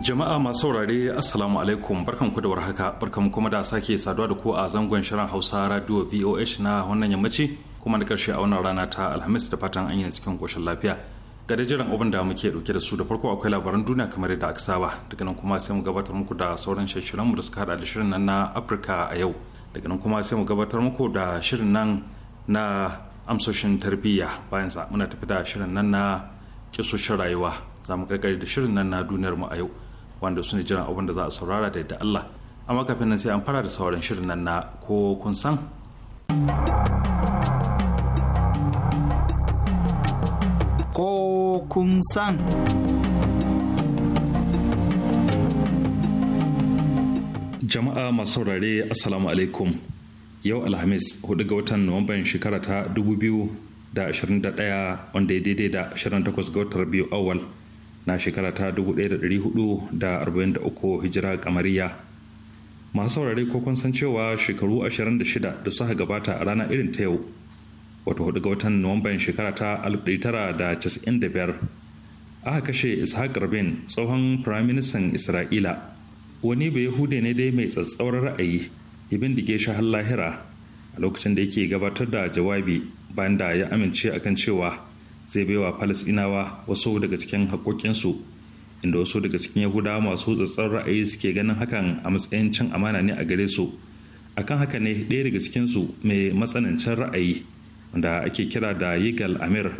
Jama'a masu saurare Assalamu alaikum barkanku da warhaka barkan kuma da sake saduwa da ku a zangon shirin Hausa Radio VOH na wannan yammaci kuma na karshe a wannan rana ta Alhamis da fatan an yi cikin koshin lafiya. Ga da jiran abin da muke dauke da su da farko akwai labaran duniya kamar yadda aka saba daga nan kuma sai mu gabatar muku da sauran shirin mu da suka hada da shirin nan na Afirka a yau daga nan kuma sai mu gabatar muku da shirin nan na amsoshin tarbiyya bayan sa muna tafi da shirin nan na kisoshin rayuwa za mu kakari da shirin nan na duniyar mu a yau wanda su ne jiran abin da za a saurara da yadda Allah amma kafin nan sai an fara da sauran shirin nan na ko kun san ko kun san jama'a masu saurare assalamu alaikum yau alhamis 4 ga watan nuwamban shekara ta 2021 wanda ya daidai da 28 ga watar biyu awal na shekara ta 1443 hijira kamariya masu saurari ko kun san cewa shekaru 26 da suka gabata a rana irin ta yau wato hudu ga watan nuwamban shekara ta 1995 aka kashe ishaq rabin tsohon firaministan isra'ila wani bai hude ne dai mai tsatsauran ra'ayi ya bindige shi har lahira a lokacin da yake gabatar da jawabi bayan da ya amince akan cewa zai baiwa falasinawa wasu daga cikin haƙoƙinsu inda wasu daga cikin yahudawa masu tsatsar ra'ayi suke ganin hakan a matsayin cin amana ne a gare su akan haka ne ɗaya daga cikinsu mai matsanancin ra'ayi wanda ake kira da yigal amir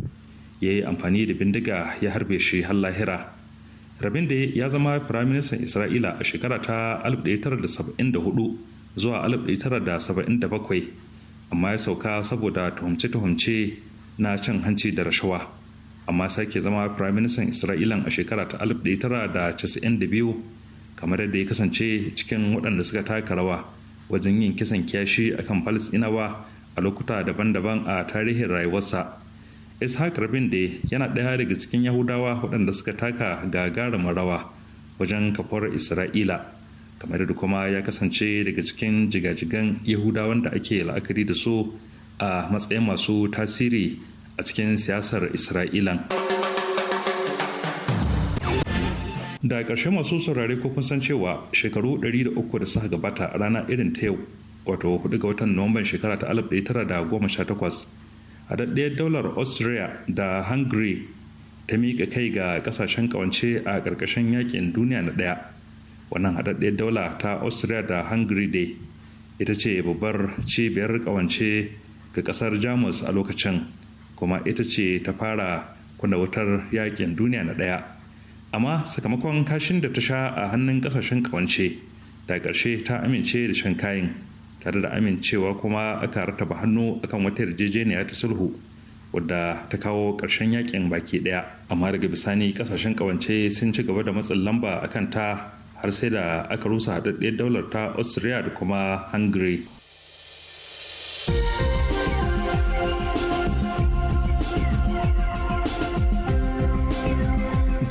ya yi amfani da bindiga ya harbe shi har lahira rabin da ya zama firaministan isra'ila a shekara ta 1974 zuwa 1977 amma ya sauka saboda tuhumce-tuhumce na cin hanci da rashawa amma sake zama firaministan isra'ilan a shekara ta 1992 kamar yadda ya kasance cikin waɗanda suka taka rawa wajen yin kisan kyashi akan falasɗinawa a lokuta daban-daban a tarihin rayuwarsa ishaq rabin da yana ɗaya daga cikin yahudawa waɗanda suka taka gagarumin rawa wajen kafar isra'ila kamar da kuma ya kasance daga cikin jigajigan yahudawan da ake la'akari da su a matsayin masu tasiri a cikin siyasar isra'ilan da ƙarshe masu saurare ko kun san cewa shekaru 300 da suka gabata a rana irin ta yau wato 4 ga watan nuwamban shekara ta 1918 a daɗaɗɗiyar daular austria da hungary ta miƙa kai ga ƙasashen ƙawance a ƙarƙashin yaƙin duniya na ɗaya wannan haɗaɗɗiyar daula ta austria da hungary dai ita ce babbar cibiyar ƙawance ga kasar jamus a lokacin kuma ita ce ta fara kunna wutar yakin duniya na ɗaya amma sakamakon kashin da ta sha a hannun ƙasashen kawance ta ƙarshe ta amince da shan kayan tare da amincewa kuma aka rataba hannu akan wata yarjejeniya ta sulhu wadda ta kawo ƙarshen yakin baki ɗaya amma daga bisani ƙasashen kawance sun ci gaba da matsin lamba akan ta har sai da aka rusa haɗaɗɗiyar daular ta austria da kuma hungary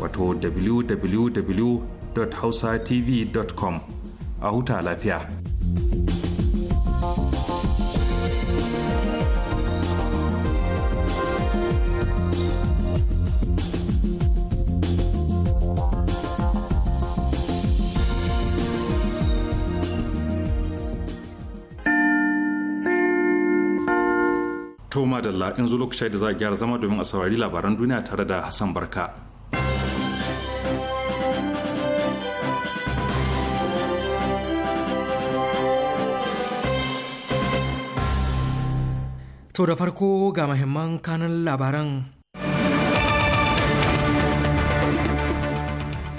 wato www.hausatv.com a huta lafiya. Toma da in zuwa lokacin da za a gyara zama domin a saurari labaran duniya tare da Hassan Barka. To da farko ga mahimman kanan labaran.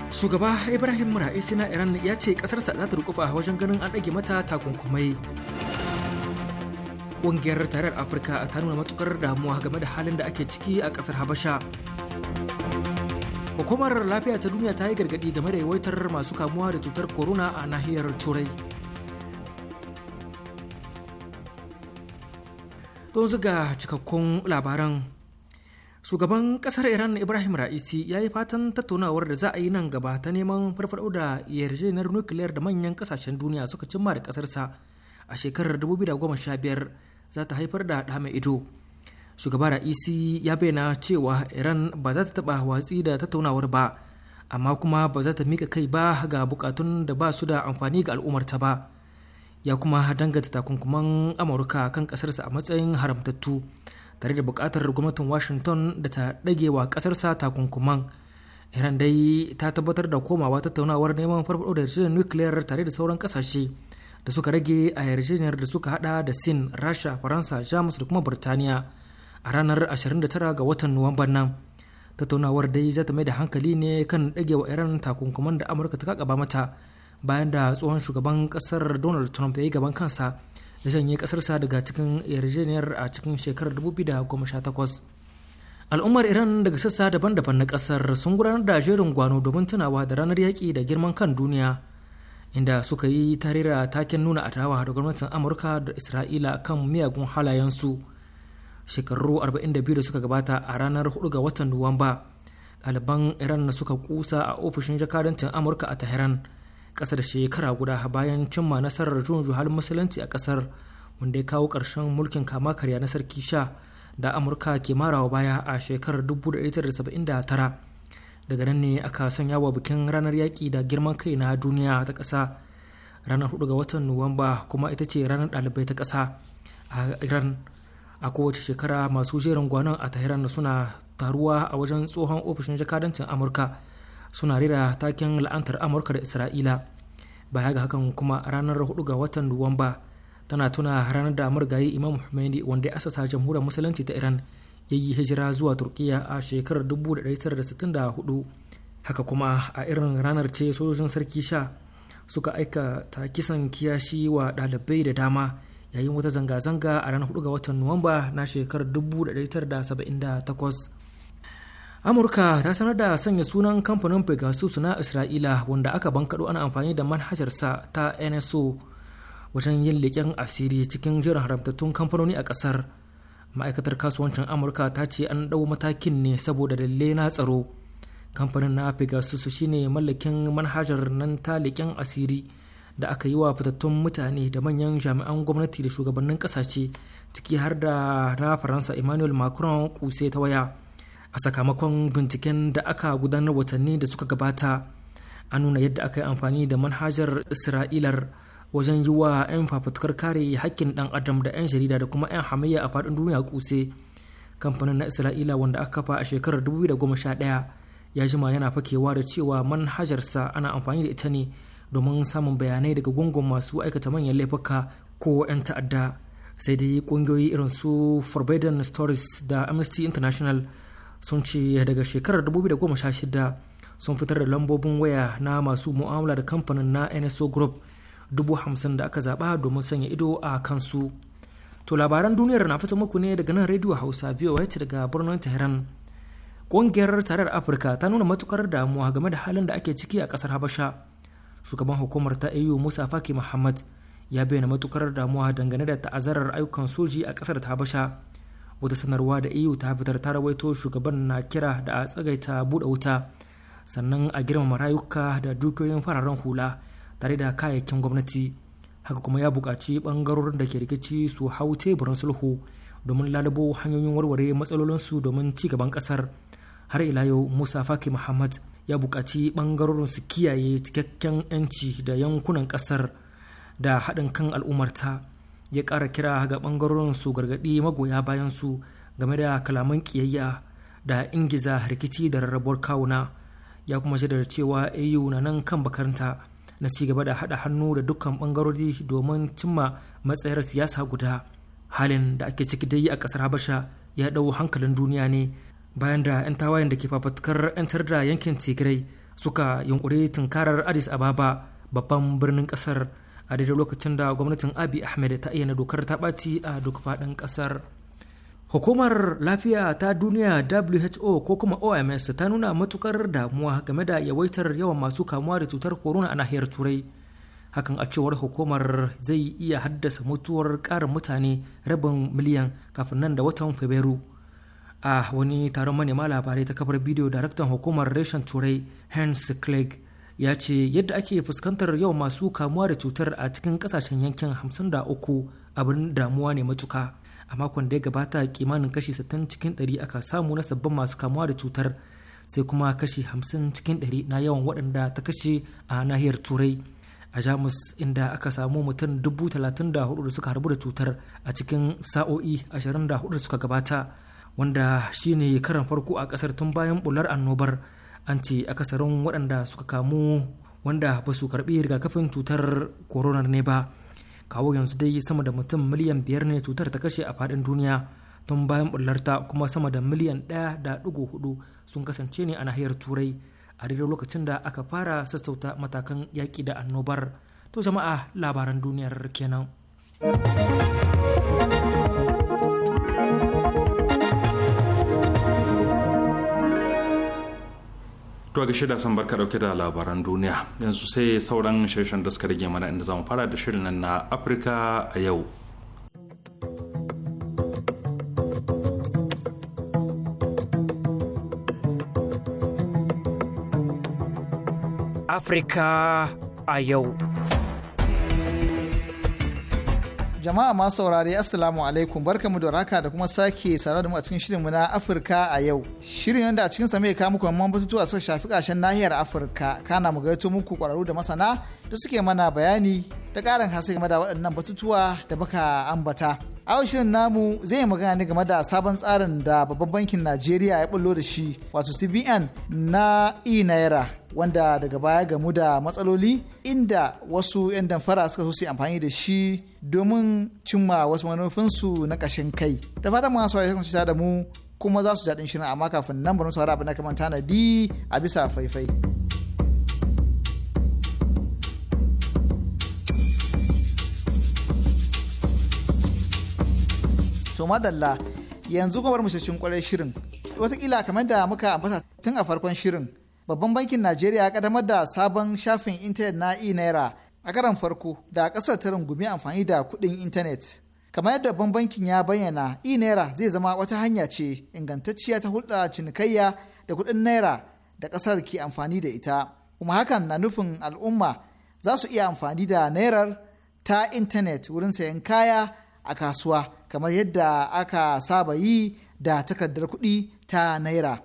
Shugaba Ibrahim Ra'isi na Iran ya ce ƙasarsa za ta rukufa wajen ganin an ɗage mata takunkumai. Ƙungiyar tarar Afirka ta nuna matukar damuwa game da halin da ake ciki a ƙasar Habasha. Hukumar lafiya ta duniya ta yi gargaɗi game da yawaitar masu kamuwa da cutar corona a nahiyar Turai. don zuga cikakkun labaran shugaban kasar iran ibrahim ra'isi ya yi fatan tattaunawar da za a yi nan gaba ta neman farfado da yarjejeniyar nukiliyar da manyan kasashen duniya suka cimma da kasarsa a shekarar 2015 za ta haifar da dama ido shugaban ra'isi ya bayyana cewa iran ba za ta taɓa watsi da tattaunawar ba amma kuma ba za ta mika kai ba ga bukatun da ba su da amfani ga al'ummarta ba ya kuma dangata takunkuman amurka kan kasarsa a matsayin haramtattu tare da bukatar gwamnatin washington da ta ɗage wa ƙasarsa takunkuman iran dai ta tabbatar da komawa tattaunawar neman farfaɗo da yarjejeniyar nukiliyar tare da sauran kasashe da suka rage a yarjejeniyar da suka hada da sin rasha faransa jamus da kuma burtaniya a ranar 29 ga watan nuwamban nan tattaunawar dai za ta mai da hankali ne kan ɗage wa iran takunkuman da amurka ta kaba mata bayan da tsohon shugaban kasar donald trump ya yi gaban kansa da janye kasarsa daga cikin yarjejeniyar a cikin shekarar 2018 al'ummar iran daga sassa daban-daban na kasar sun gudanar da jerin gwano domin tunawa da ranar yaƙi da girman kan duniya inda suka yi tarira taken nuna adawa da gwamnatin amurka da isra'ila kan miyagun halayensu shekaru 42 da suka gabata a ranar 4 ga watan nuwamba ɗaliban iran suka kusa a ofishin jakadancin amurka a tehran kasar shekara guda bayan cimma nasarar juyin juhalin musulunci a kasar wanda ya kawo ƙarshen mulkin kama karya na sarki sha da amurka ke marawa baya a shekarar 1979 daga nan ne aka sanya wa bikin ranar yaƙi da girman kai na duniya ta ƙasa ranar 4 ga watan nuwamba kuma ita ce ranar ɗalibai ta ƙasa a iran a kowace shekara masu jerin gwanon a tahiran suna taruwa a wajen tsohon ofishin jakadancin amurka suna rera taken la'antar amurka da isra'ila baya ga hakan kuma ranar 4 ga watan nuwamba tana tuna ranar da murgaye imam Khomeini wanda ya asasa jamhuriyar musulunci ta iran ya yi hijira zuwa turkiya a shekarar 1964 haka kuma a irin ranar ce sojojin sarki sha suka aika ta kisan kiyashi wa dalibai da dama yayin wata zanga-zanga a ranar 4 ga watan nuwamba na shekarar 1978 amurka ta sanar da sanya sunan kamfanin pegasus na isra'ila wanda aka bankaɗo ana amfani da manhajarsa ta nso wajen yin leƙen asiri cikin jiran haramtattun kamfanoni a ƙasar ma'aikatar kasuwancin amurka ta ce an ɗau matakin ne saboda dalilai na tsaro kamfanin na pegasus shine mallakin manhajar nan ta leƙen asiri da aka yi wa fitattun mutane da manyan jami'an gwamnati da shugabannin ƙasashe ciki har da na faransa emmanuel macron kuse ta waya a sakamakon binciken da aka gudanar watanni da suka gabata an nuna yadda aka yi amfani da manhajar isra'ilar wajen yi wa 'yan fafutukar kare hakkin dan adam da 'yan jarida da kuma 'yan hamayya a faɗin duniya kuse kamfanin na isra'ila wanda aka kafa a shekarar 2011 ya jima yana fakewa da cewa manhajarsa ana amfani da ita ne domin samun bayanai daga gungun masu aikata manyan laifuka ko 'yan ta'adda sai dai kungiyoyi irin su forbidden stories da amnesty international sun ce daga shekarar 2016 sun fitar da lambobin waya na masu mu'amala da kamfanin na nso group 50,000 da aka zaba domin sanya ido a kansu to labaran duniyar na fito muku ne daga nan radio hausa voh daga birnin tehran ƙungiyar tarar afirka ta nuna matukar damuwa game da halin da ake ciki a ƙasar habasha shugaban hukumar ta au musa faki muhammad ya bayyana matukar damuwa dangane da ta'azarar ayyukan soji a ƙasar ta habasha wata sanarwa da eu ta fitar ta rawaito shugaban na kira da a tsagaita buɗe wuta sannan a girmama rayuka da dukiyoyin fararen hula tare da kayayyakin gwamnati haka kuma ya buƙaci ɓangarorin da ke rikici su hau teburin sulhu domin lalubo hanyoyin warware matsalolinsu domin ci gaban ƙasar har ila yau musa faki muhammad ya buƙaci ɓangarorin su kiyaye cikakken 'yanci da yankunan ƙasar da haɗin kan al'ummarta ya ƙara kira ga ɓangarorin su gargaɗi magoya bayan su game da kalaman ƙiyayya da ingiza rikici da rarrabuwar kawuna ya kuma shaidar cewa au na nan kan makaranta na ci gaba da haɗa hannu da dukkan ɓangarori domin cimma matsayar siyasa guda halin da ake ciki dai a ƙasar habasha ya ɗau hankalin duniya ne bayan da 'yan tawayen da ke fafatkar 'yantar da yankin tigray suka yunkuri tunkarar addis ababa babban birnin ƙasar a daidai lokacin da gwamnatin abi ahmed ta ayyana dokar ta ɓaci a duk faɗin ƙasar hukumar lafiya ta duniya who ko kuma oms ta nuna matukar damuwa game da yawaitar yawan masu kamuwa da cutar corona a nahiyar turai hakan a cewar hukumar zai iya haddasa mutuwar ƙarin mutane rabin miliyan kafin nan da watan fabrairu a wani taron manema labarai ta kafar bidiyo daraktan hukumar reshen turai hans clegg ya ce yadda ake fuskantar yau masu kamuwa da cutar a cikin kasashen yankin 53 abin damuwa ne matuka a makon da ya gabata kimanin kashi 60 cikin 100 aka samu na sabbin masu kamuwa da cutar sai kuma kashi 50 cikin 100 na yawan waɗanda ta kashe a nahiyar turai a jamus inda aka samu mutum 34 da suka harbu da cutar a cikin sa'o'i 24 da suka gabata wanda shine karan farko a kasar tun bayan bular annobar an ce akasarin waɗanda suka kamu wanda ba su karɓi rigakafin cutar koronar ne ba kawo yanzu dai sama da mutum miliyan biyar ne cutar ta kashe a faɗin duniya tun bayan bullarta kuma sama da miliyan ɗaya da ɗigo hudu sun kasance ne a nahiyar turai a daidai lokacin da aka fara sassauta matakan yaƙi da annobar to jama'a labaran duniyar kenan To ga shida san barka dauke da labaran duniya yanzu sai sauran shirin da suka rage mana inda zamu fara da shirin nan na Afirka a yau. Afirka a yau. Jama'a ma saurari Assalamu alaikum barkamu da raka da kuma sake sarar da mu a cikin shirinmu na Afirka a yau. Shirin yadda a cikin sa ka kawo muku batutuwa suka shafi kashen nahiyar Afirka kana mu gaito muku kwararru da masana da suke mana bayani da karin haske game da waɗannan batutuwa da baka ambata. shirin namu zai yi magana ne game da sabon tsarin da babban bankin najeriya ya bullo da shi wato cbn na e naira wanda daga baya gamu da matsaloli inda wasu 'yan damfara suka so su amfani da shi domin cimma wasu manufinsu na ƙashin kai da fatan masu wari sun da mu kuma za su jaɗin shirin amma kafin nan bari su abu na kamar tanadi a bisa faifai. to madalla yanzu kuma bar mu cikin kwarar shirin watakila kamar da muka ambata tun a farkon shirin babban bankin najeriya ya kadamar da sabon shafin intanet na e naira a karan farko da kasar ta rungumi amfani da kuɗin intanet kamar yadda babban bankin ya bayyana e naira zai zama wata hanya ce ingantacciya ta hulɗa cinikayya da kuɗin naira da kasar ke amfani da ita kuma hakan na nufin al'umma za su iya amfani da nairar ta intanet wurin sayan kaya a kasuwa kamar yadda aka saba yi da takardar kuɗi ta naira.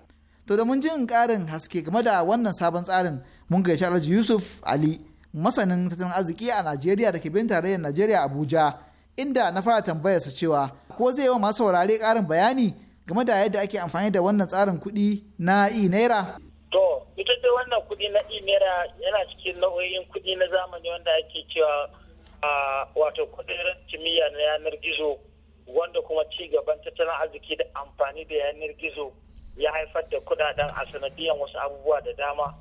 To da mun jin ƙarin haske game da wannan sabon tsarin mun gaishe Alhaji Yusuf Ali masanin tattalin arziki a Najeriya da ke bin tarayyar Najeriya Abuja inda na fara tambayar sa cewa ko zai yi wa masu saurare ƙarin bayani game da yadda ake amfani da wannan tsarin kuɗi na e naira. To ita dai wannan kuɗi na e naira yana cikin nau'o'in kuɗi na zamani wanda ake cewa wato kuɗin kimiyya na yanar gizo wanda kuma ci gaban tattalin arziki da amfani da yanar gizo ya haifar da kudaden a sanadiyan wasu abubuwa da dama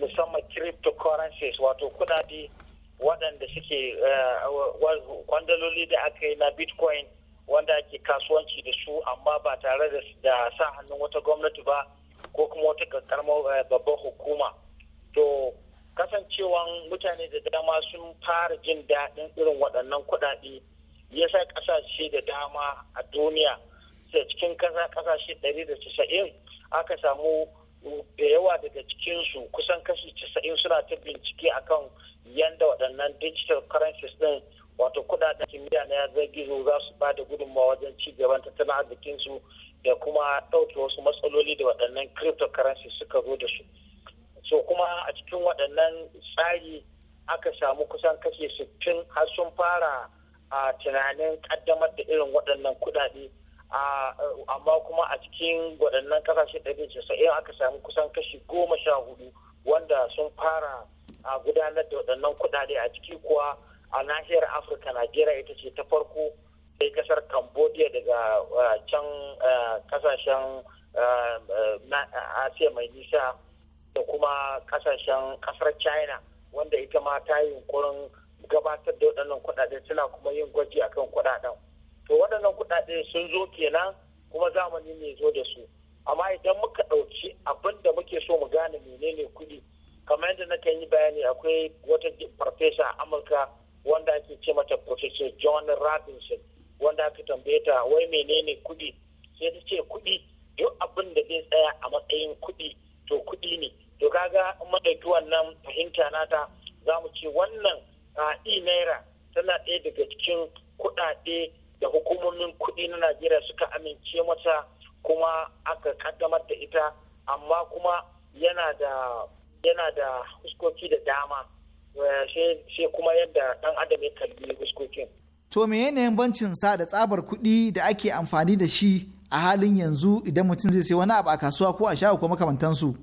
musamman cryptocurrencies wato kudade waɗanda suke eh, kwandaloli da aka yi na bitcoin wanda ake kasuwanci da su amma ba tare da sa hannun wata gwamnati ba ko kuma wata karamar eh, babban hukuma to kasancewan mutane da dama sun fara jin daɗin irin waɗannan kuɗaɗe ya sa kasashe da dama a duniya da cikin kasa da 190 aka samu uh, da yawa daga cikinsu kusan kashi 90 suna ta bincike akan yadda waɗannan digital currencies ɗin wato kudaden kimiyya na yanar gizo za su ba da gudunmawa wajen ci gaban tattalin arzikinsu da kuma ɗauke wasu matsaloli da waɗannan cryptocurrency suka zo da su so kuma a cikin waɗannan tsari aka samu kusan kashe 60 har sun fara a tunanin kaddamar da irin waɗannan kuɗaɗe amma kuma a cikin waɗannan kasashe ɗari casa'in aka samu kusan kashi goma sha hudu wanda sun fara a gudanar da waɗannan kuɗaɗe a ciki kuwa a nahiyar afirka najeriya ita ce ta farko sai kasar cambodia daga can ƙasashen asiya mai nisa da kuma ƙasashen kasar china wanda ita ma ta yi yunkurin gabatar da waɗannan kuɗaɗe suna kuma yin gwaji a kan kuɗaɗen to waɗannan kuɗaɗe sun zo kenan kuma zamani ne zo da su amma idan muka ɗauki abin da muke so mu gane menene kuɗi kamar yadda na kan yi bayani akwai wata farfesa a amurka wanda ake ce mata professor john robinson wanda aka tambaye ta wai menene kuɗi sai ta ce kuɗi duk abin da zai tsaya a matsayin kuɗi to kuɗi ne to kaga in madauki wannan fahimta nata za mu ce wannan a e naira tana ɗaya daga cikin kuɗaɗe da hukumomin kuɗi na najeriya suka amince mata kuma aka kaddamar da ita amma kuma yana da yana da huskoki da dama eh, sai kuma yadda ɗan adam ya kalli huskokin to me yanayin bancin sa da tsabar kuɗi da ake amfani da shi a halin yanzu idan mutum zai sai wani abu a kasuwa ko a shago ko makamantansu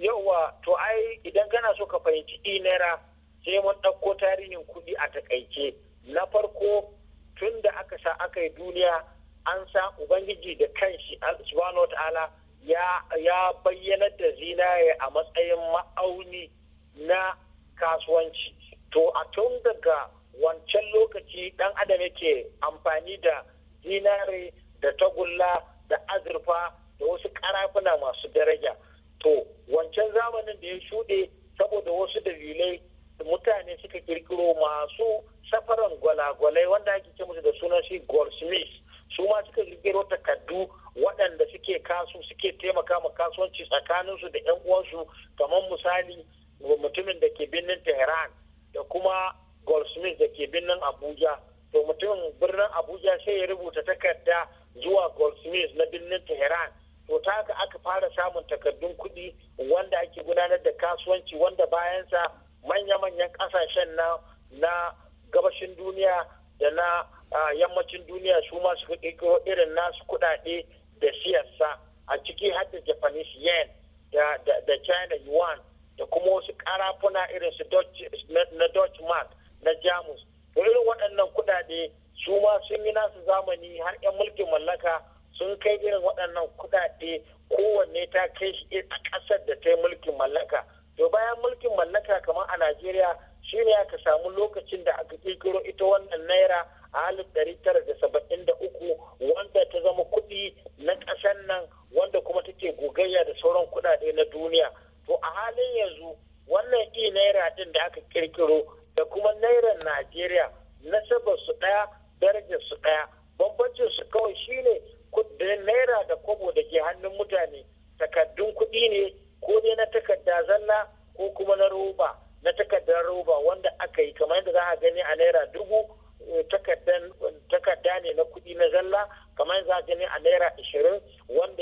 yauwa to ai idan kana so ka fahimci e naira sai mun ɗauko tarihin kuɗi a takaice na farko tun da aka sa aka yi duniya an sa ubangiji da kanshi subhanahu ta'ala ya bayyana da zinare a matsayin ma'auni na kasuwanci to a tun daga wancan lokaci dan adam yake amfani da zinare da tagulla da azurfa da wasu karafuna masu daraja to wancan zamanin da ya shuɗe saboda wasu dalilai mutane suka kirkiro masu safaran gwalagwalai wanda ake ce musu da sunan shi goldsmith su ma suka kirkiro takardu waɗanda suke kasu suke taimaka ma kasuwanci tsakaninsu da 'yan uwansu kamar misali mutumin da ke birnin tehran da kuma goldsmith da ke birnin abuja to mutumin birnin abuja sai ya rubuta takarda zuwa goldsmith na birnin tehran to ta haka aka fara samun takardun kuɗi wanda ake gudanar da kasuwanci wanda bayansa manya-manyan kasashen na na gabashin duniya da na yammacin duniya su ma suka irin nasu kuɗaɗe da siyasa a ciki har da japanese yen da china yuan da kuma wasu karafuna irin su na dutch mark na jamus irin waɗannan kuɗaɗe su ma sun yi nasu zamani har 'yan mulkin mallaka sun kai irin waɗannan kuɗaɗe, kowanne ta kai shi a ƙasar da ta yi mulkin mallaka to bayan mulkin mallaka kamar a najeriya shine aka samu lokacin da aka kirkiro ita wannan naira a halin ɗari tara da saba'in da uku wanda ta zama kuɗi na ƙasar nan wanda kuma take gogayya da sauran kuɗaɗe na duniya to a halin yanzu wannan i naira ɗin da aka kirkiro da kuma naira najeriya nasabar su ɗaya darajar su ɗaya bambancin su kawai shine naira da kwabo da ke hannun mutane takardun kuɗi ne ko dai na takarda zalla ko kuma na roba na takardar roba wanda aka yi kamar yadda za a gani a naira dubu eh, takarda ne na kuɗi na zalla kamar yadda za a gani a naira ashirin wanda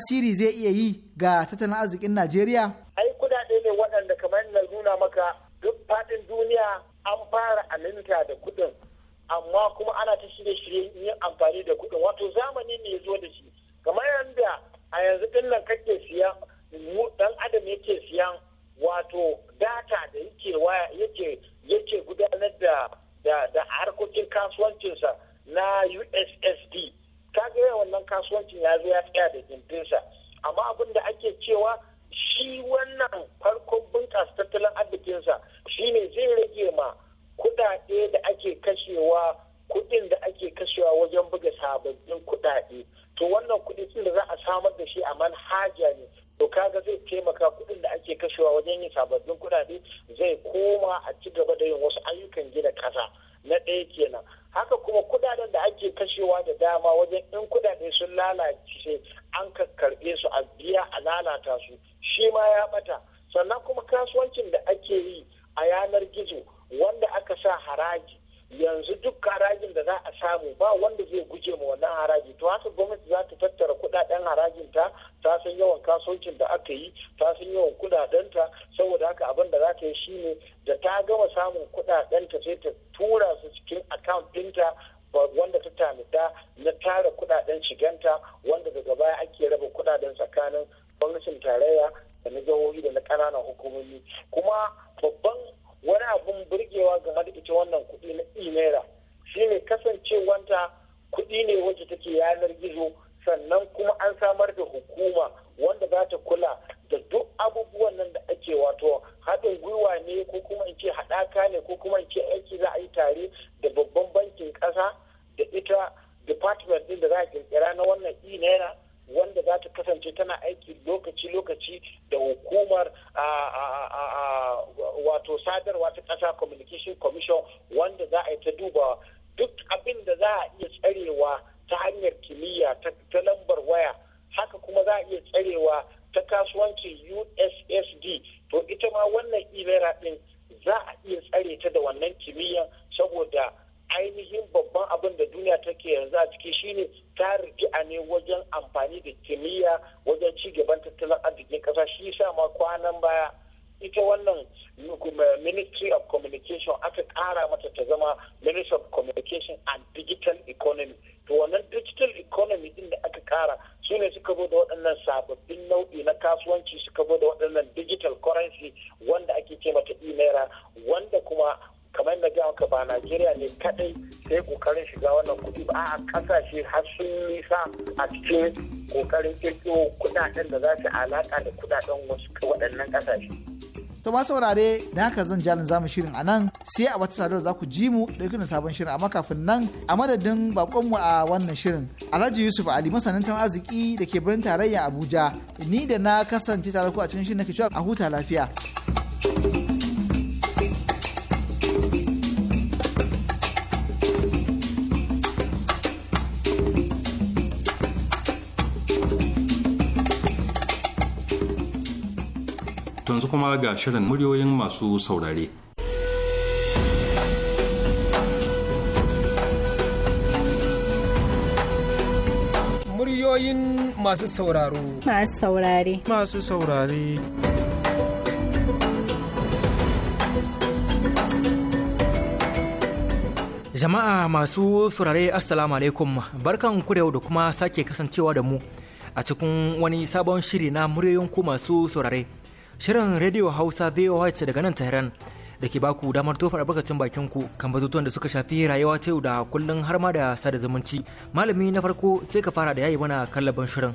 tasiri zai iya yi ga tattalin arzikin Najeriya? sauran kasuwancin ya zo ya tsaya da gindinsa amma abin da ake cewa shi wannan farkon bunƙasa tattalin arzikinsa ne zai rage ma kuɗaɗe da ake kashewa kuɗin da ake kashewa wajen buga sababbin kuɗaɗe to wannan kuɗi da za a samar da shi a manhaja ne to kaga zai taimaka kuɗin da ake kashewa wajen yin sababbin kuɗaɗe zai koma a ci gaba da yin wasu ayyukan gina ƙasa na ɗaya kenan haka kuma kudaden da ake kashewa da dama wajen in kudade sun lalace an karɓe su a biya a lalata su shi ma ya bata sannan kuma kasuwancin da ake yi a yanar gizo wanda aka sa haraji yanzu duk harajin da za a samu ba wanda zai guje ma wannan haraji to haka gwamnati za ta tattara kudaden harajin ta ta san yawan kasuwancin da aka yi ta san yawan kudaden ta saboda haka abin da za ta yi shine da ta gama samun kudaden ta sai ta tura su cikin account dinta wanda ta tanada na tara kudaden shiganta wanda daga baya ake raba kudaden tsakanin gwamnatin tarayya da na jihohi da na kananan hukumomi kuma babban wani abun burgewa game da ita wannan kuɗi na e-naira shine kasancewanta kuɗi ne wacce take yanar gizo sannan kuma an samar da hukuma wanda za ta kula da duk abubuwan nan da ake wato haɗin gwiwa ne ko kuma in ce haɗaka ne ko kuma in ce aiki za a yi tare da babban bankin ƙasa da ita department ɗin da za a kirkira na wannan e-naira wanda za ta kasance tana aiki lokaci-lokaci da hukumar wato sadarwa ta ƙasa communication commission wanda za a yi ta duba duk abin da za a iya tsarewa ta hanyar kimiyya ta lambar waya haka kuma za a iya tsarewa ta kasuwanci ussd to ita ma wannan ilera din za a iya tsare ta da wannan kimiyyan saboda ainihin babban abin da duniya take yanzu a ciki shine ta a ne wajen amfani da kimiyya wajen ci gaban tattalin arzikin kasa shi sa ma kwanan baya ita wannan ministry of communication aka kara mata ta zama ministry of communication and digital economy to wannan digital economy din da aka kara su ne suka bude waɗannan sababbin nau'i na kasuwanci suka bude waɗannan digital currency wanda ake ce mata e wanda kuma kamar na ga ba Najeriya ne kadai ta yi kokarin shiga wannan kudi ba a kasashe har sun nisa a cikin kokarin kirkiro kuɗaɗen da za su alaka da kuɗaɗen wasu waɗannan kasashe. To ma saurare da haka zan jalin zamu shirin a nan sai a wata sadarwa za ku ji mu da da sabon shirin amma kafin nan a madadin bakonmu a wannan shirin Alhaji Yusuf Ali masanin tan arziki da ke birnin tarayya Abuja ni da na kasance tare ku a cikin shirin nake cewa a huta lafiya. kuma ga shirin muryoyin masu saurare. Muryoyin masu sauraro. Masu saurare. Masu saurare. Jama'a masu saurare Assalamu alaikum barkan ku da da kuma sake kasancewa da mu a cikin wani sabon shiri na muryoyin ku masu saurare. Shirin Radio Hausa VOH daga nan Tehran da ke baku damar tofa albarkacin bakin ku kan batutuwan da suka shafi rayuwa ta yau da kullun har ma da sada zumunci. Malami na farko sai ka fara da yayi mana kallaban shirin.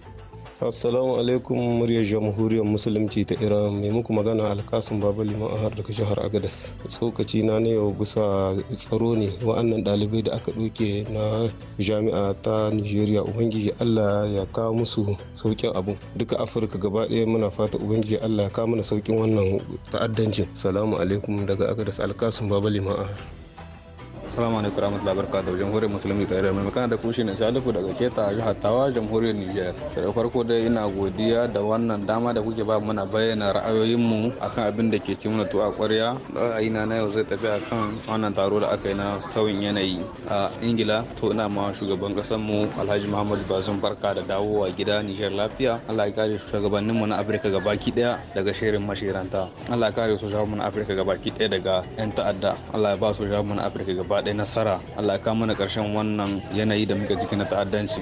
assalamu alaikum murya jamhuriyar musulunci ta iran mai muku magana alkasun babu liman ahar daga jihar agadas tsokaci na na yau bisa tsaro ne wa'annan ɗalibai da aka ɗauke na jami'a ta nigeria ubangiji allah ya kawo musu sauƙin abu duka afirka gaba ɗaya muna fata ubangiji allah ya kawo mana sauƙin wannan ta'addancin salamu alaikum daga agadas alkasun baba liman ahar Assalamu alaikum warahmatullahi wabarakatuh jamhuriyar musulmi tare mai magana da kushi ne Salihu daga Keta jihar Tawa jamhuriyar Niger. Da farko dai ina godiya da wannan dama da kuke ba mana bayyana ra'ayoyinmu akan abin da ke ci mana to a kwarya Ra'ayina na yau zai tafi akan wannan taro da aka yi na sauyin yanayi a Ingila to ina ma shugaban kasar mu Alhaji Muhammad Bazum barka da dawowa gida Niger lafiya. Allah ya kare shugabannin mu na Afirka gabaki daya daga shirin mashiranta. Allah ya kare shugabannin mu na Afirka gabaki daya daga 'yan ta'adda. Allah ya ba su shugabannin mu na Afirka gaba gaba ɗaya nasara allah ka mana ƙarshen wannan yanayi da muka jiki na ta'addanci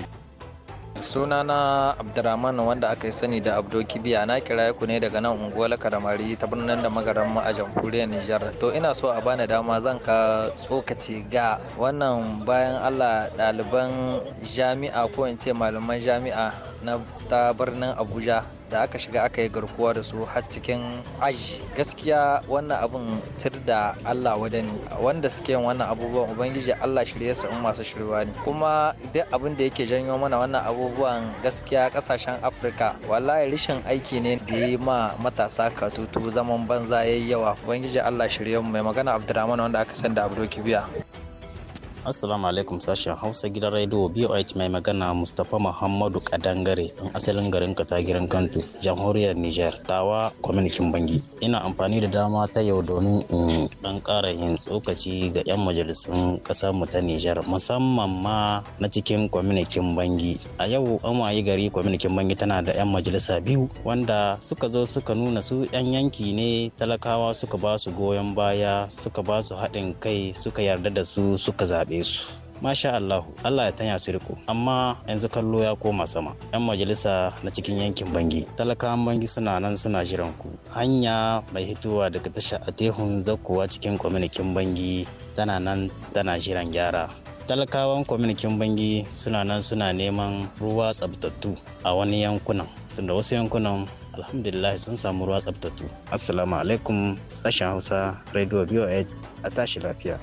suna na abdurrahman wanda aka yi sani da abdo kibiya na kira ku ne daga nan unguwar karamari ta birnin da magaran a jamhuriyar nijar to ina so a bani dama zan ka tsokaci ga wannan bayan allah ɗaliban jami'a ko in ce malaman jami'a na ta birnin abuja da aka shiga aka yi garkuwa da su har cikin aji gaskiya wannan abun tir da Allah ne wanda suke wannan abubuwan ubangiji Allah shirye su in masu shirwa ne kuma duk abin da yake janyo mana wannan abubuwan gaskiya kasashen Afirka wallahi rishin aiki ne da yi ma matasa katutu zaman banza yayi yawa ubangiji Allah shirye mu mai magana Abdurrahman wanda aka san da Abdul Kibiya Assalamu alaikum sashen Hausa gidan rediyo BOH mai magana Mustapha Muhammadu Kadangare ɗan asalin garin Katagirin Kantu, jamhuriyar Niger, Tawa, kwamitin Bangi. Ina amfani da dama ta yau domin in ɗan ƙara yin tsokaci ga 'yan majalisun ƙasar mu ta Niger, musamman ma na cikin kwamitin Bangi. A yau an wayi gari kwamitin Bangi tana da 'yan majalisa biyu wanda suka zo suka nuna su 'yan yanki ne talakawa suka ba su goyon baya, suka ba su haɗin kai, suka yarda da su, suka zaɓi zaɓe su masha Allahu Allah ya tanya su riko amma yanzu kallo ya koma sama yan majalisa na cikin yankin bangi talakawan bangi suna nan suna jiran ku hanya mai hitowa daga tasha a tehun zakuwa cikin kwaminikin bangi tana nan tana jiran gyara talakawan kwaminikin bangi suna nan suna neman ruwa tsabtattu a wani yankunan tunda wasu yankunan alhamdulillah sun samu ruwa tsabtattu assalamu alaikum sashen hausa radio voh a tashi lafiya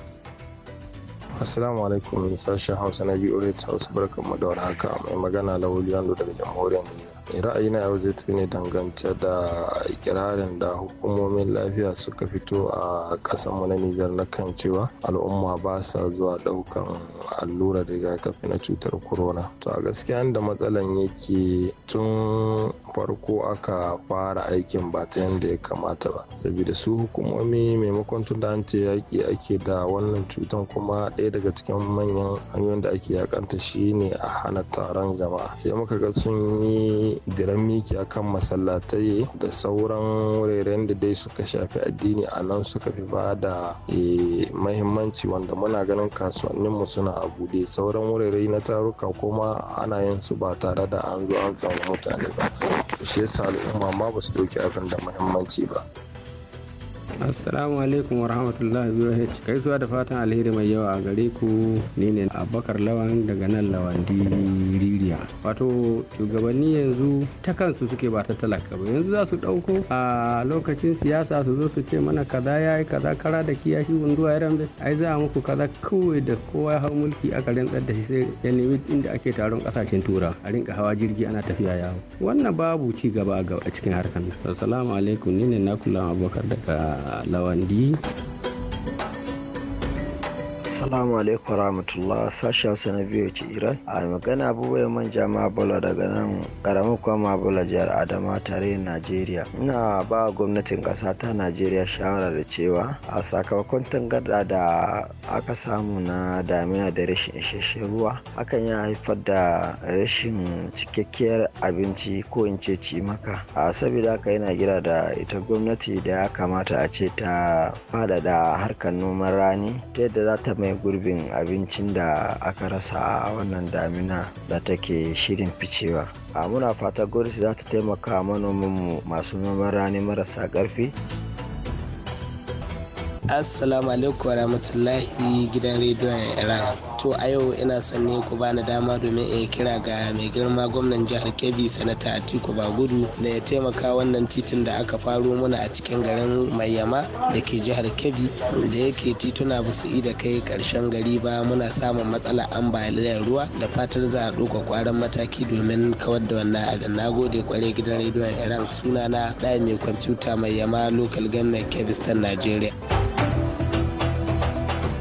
Assalamu alaikum sashen Hausa na BOH Hausa barkanmu da warhaka mai magana Lawali daga jamhuriyar Nijar. ra'ayina yau zai tafi ne dangance da ikirarin da hukumomin lafiya suka fito a mu na nijar na kan cewa al'umma ba sa zuwa ɗaukan allurar rigakafi na cutar corona to a gaskiya inda matsalan yake tun farko aka fara aikin ba ta yadda ya kamata ba saboda su hukumomi maimakon tun da an ce yaƙi ake da wannan cutan kuma ɗaya daga cikin manyan hanyoyin da ake yakanta shine a hana taron jama'a sai muka ga sun yi jiran diran miki akan masallatai da sauran wuraren da dai suka shafi addini a nan suka fi ba da eh, mahimmanci wanda muna ganin kasuwannin mu suna a bude sauran wurare na taruka kuma ana yin su ba tare da an zo an samu mutane ba shi yasa al'umma ma ba su dauki abin da mahimmanci ba assalamu alaikum wa rahmatullahi biyu gaisuwa da fatan alheri mai yawa a gare ku ni ne abubakar lawan daga nan lawandi ririya wato shugabanni yanzu ta kansu suke ba ta talaka ba yanzu za su ɗauko a lokacin siyasa su zo su ce mana kaza ya yi kaza kara da kiyashi wunduwa ya ai za a muku kaza kawai da kowa ya hau mulki aka rantsar da shi sai ya nemi inda ake taron kasashen tura a rinka hawa jirgi ana tafiya yawo wannan babu ci gaba a cikin harkar nan assalamu alaikum ni ne na kula abubakar daga lawan di Assalamu alaikum warahmatullah sashi Hausa na biyu ce Iran. A magana abubuwan manja Mabola daga nan karamar kwama Mabola jihar Adama tare Najeriya. Ina ba gwamnatin ƙasa ta Najeriya shawara da cewa a sakamakon tangarda da aka samu na damina da rashin isasshen ruwa hakan ya haifar da rashin cikakkiyar abinci ko in ce cimaka. A saboda haka yana gira da ita gwamnati da ya kamata a ce ta faɗaɗa harkar noman rani ta yadda za ta mai gurbin abincin da aka rasa a wannan damina da take shirin ficewa a muna fata gwamnati za ta taimaka manomanmu masu noman rani marasa karfi assalamu alaikum warahmatullahi gidan rediyon iran to a yau ina son ne ku bani dama domin in kira ga mai girma gwamnan jihar Kebbi sanata Atiku Bagudu da ya taimaka wannan titin da aka faro mana a cikin garin Mayyama da ke jihar Kebbi da yake tituna ba su da kai karshen gari ba muna samun matsalar ambaliyar ruwa da fatar za a ɗauka kwaran mataki domin kawar da wannan abin na gode kware gidan rediyon iran sunana ɗaya mai kwamfuta mai yama local government kebistan nigeria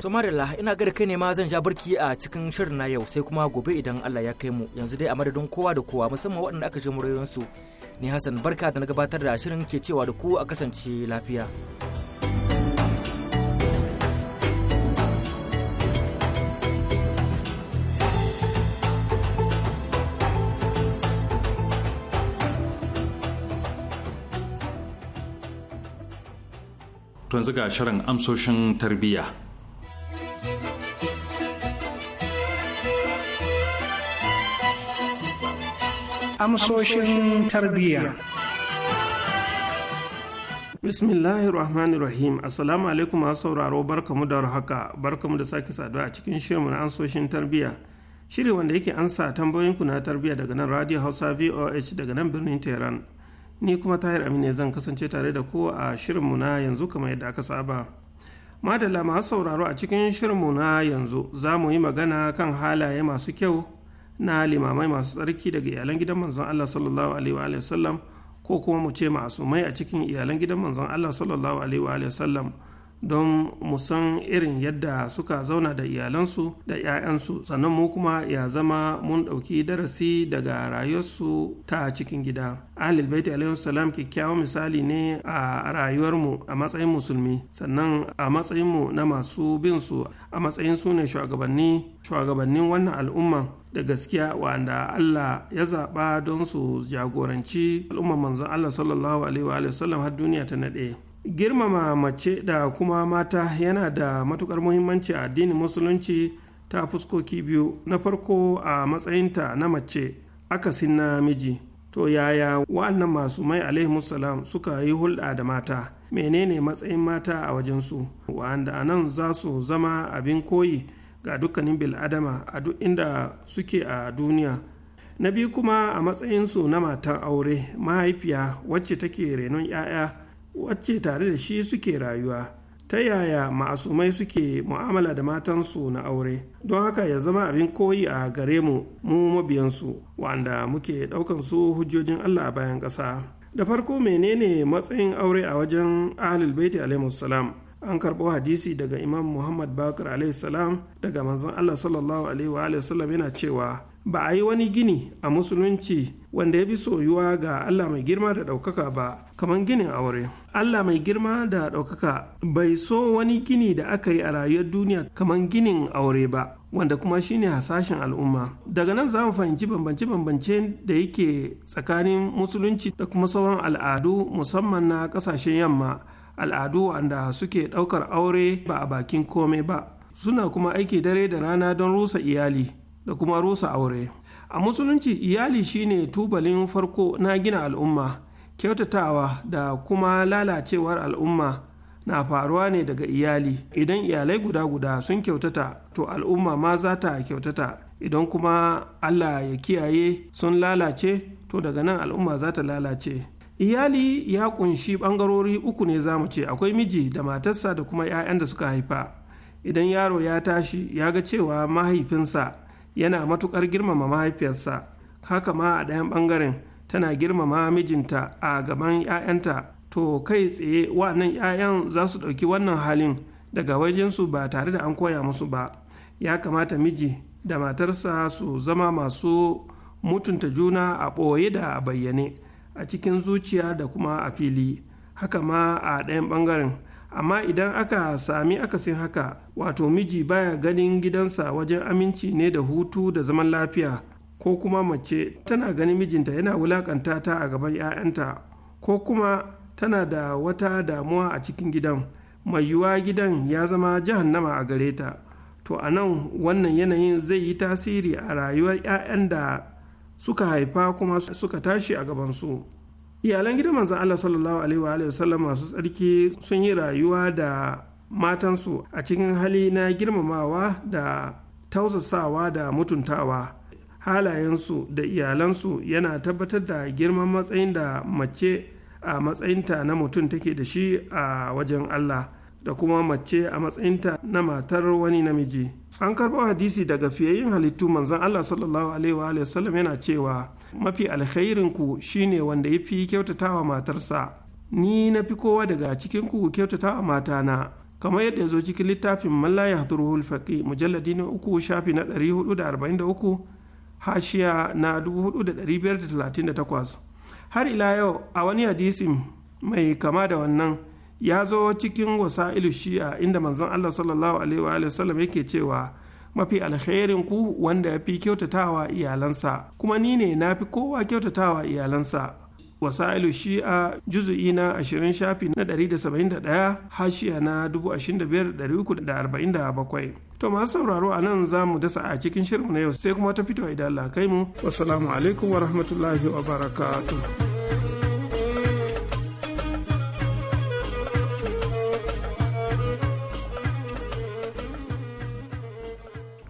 To Marilla ina gada kai ne ma zan ja barki a cikin shirin na yau sai kuma gobe idan Allah ya kai mu yanzu dai a madadin kowa da kowa musamman waɗanda aka je murayensu ni Hassan barka da na gabatar da shirin ke cewa da ku a kasance lafiya. To yanzu ga shirin amsoshin tarbiyya. amsoshin tarbiyya. bismillahir rahmanir rahim assalamu alaikum masu sauraro barkamu da haka barkamu da sake saduwa a cikin shirin amsoshin tarbiyya shiri wanda yake ansa tambayoyinku na tarbiyya daga nan radio hausa voh daga nan birnin tehran ni kuma tahir amine zan kasance tare da ku a shirinmu na yanzu kamar yadda aka saba madalla masu sauraro a cikin shirin mu na yanzu za mu yi magana kan halaye masu kyau na limamai masu tsarki daga iyalan gidan manzon Allah sallallahu alaihi wa sallam ko kuma mu ce ma'asumai a cikin iyalan gidan manzon Allah sallallahu alaihi wa sallam don mu san irin yadda suka zauna da iyalansu da 'ya'yansu sannan mu kuma ya zama mun ɗauki darasi daga rayuwarsu ta cikin gida ahlul baiti alaihi salam kyakkyawan misali ne a rayuwarmu a matsayin musulmi sannan a matsayinmu na masu bin su a matsayin su ne shugabanni shugabannin wannan al'umma da gaskiya wanda Allah ya zaɓa don su jagoranci al'umma manzon Allah sallallahu alaihi wa sallam har duniya ta naɗe girmama mace da kuma mata yana da matukar muhimmanci a addinin musulunci ta fuskoki biyu na farko a matsayinta na mace akasin na miji to yaya wa'annan masu mai alaihimussalam suka yi hulɗa da mata menene matsayin mata a wajensu wa'anda a nan za su zama abin koyi ga dukkanin bil'adama a duk inda suke a duniya na biyu kuma a matsayinsu na matan aure mahaifiya wacce take renon 'ya'ya wacce tare da shi suke rayuwa ta yaya ma'asumai suke mu'amala da matansu na aure don haka ya zama abin koyi a gare mu mu mabiyansu wanda muke ɗaukan su hujjojin Allah a bayan ƙasa da farko menene matsayin aure a wajen ahlul baiti salam an karɓo hadisi daga imam muhammad bakar salam daga manzon Allah sallallahu alaihi wa sallam yana cewa ba a yi wani gini a musulunci wanda ya bi soyuwa ga Allah mai girma da ɗaukaka ba kamar ginin aure Allah mai girma da ɗaukaka bai so wani gini da aka yi a rayuwar duniya kamar ginin aure ba wanda kuma shine hasashen al'umma daga nan za mu fahimci bambance-bambance da yake tsakanin musulunci da kuma sauran al'adu musamman na ƙasashen yamma al'adu wanda suke ɗaukar aure ba a bakin komai ba suna kuma aiki dare da rana don rusa iyali da kuma rusa aure a musulunci iyali shine tubalin farko na gina al'umma kyautatawa da kuma lalacewar al'umma na faruwa ne daga iyali idan iyalai guda guda sun kyautata to al'umma ma za ta kyautata idan kuma allah ya kiyaye sun lalace to daga nan al'umma za ta lalace iyali ya kunshi bangarori uku ne za mu ce akwai miji da matarsa da kuma 'ya'yan da suka haifa idan yaro ya tashi ya ga cewa mahaifinsa yana matukar girmama mahaifiyarsa haka ma a ɗayan ɓangaren tana girmama mijinta a gaban 'ya'yanta to kai tsaye wannan 'ya'yan za su ɗauki wannan halin daga wajensu ba tare da an koya musu ba ya kamata miji da matarsa su zama masu mutunta juna a ɓoye da a bayyane a cikin zuciya da kuma a fili haka ma a ɗayan ɓangaren amma idan aka sami akasin haka wato miji baya ganin gidansa wajen aminci ne da hutu da zaman lafiya ko kuma mace tana ganin mijinta yana wulakanta ta a gaban 'ya'yanta ko kuma tana da wata damuwa a cikin gidan mai yiwuwa gidan ya zama jahannama a gare ta to a nan wannan yanayin zai yi tasiri a rayuwar 'ya'yan da suka haifa kuma suka tashi a gabansu. iyalan gidan manzon Allah sallallahu alaihi wa sallam masu tsarki sun yi rayuwa da matansu a cikin hali na girmamawa da tausasawa da mutuntawa halayensu da iyalansu yana tabbatar da girman matsayin da mace a matsayinta na mutum take da shi a wajen Allah da kuma mace a matsayinta na matar wani namiji an karɓo hadisi daga fiyayyin halittu manzon Allah sallallahu alaihi wa sallam yana cewa mafi alkhairinku shine wanda ya fi kyautatawa matarsa ni na fi kowa daga cikinku kyautatawa na. kamar yadda ya zo cikin littafin malla ya haturuhul faƙi mujalladi na uku shafi na 443 hashiya na 4538 har ila yau a wani hadisin mai kama da wannan ya zo cikin wasa ilu shi'a inda manzon allah sallallahu alaihi wa sallam yake cewa mafi alkhairin ku wanda ya fi kyautatawa iyalansa kuma ni ne na fi kowa kyautatawa iyalansa wasailu shi'a juzu'i na ashirin shafi na 171 hashiya na 25347 to masu sauraro a nan za mu dasa a cikin shirin na yau sai kuma ta fito idan Allah kai mu wasu alaikum wa rahmatullahi wa barakatuh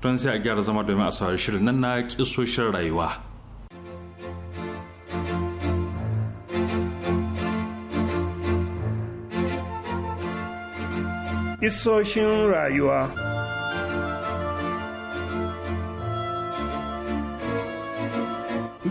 don sai a gyara zama domin a sauri shirin nan na kisoshin rayuwa. Isoshin rayuwa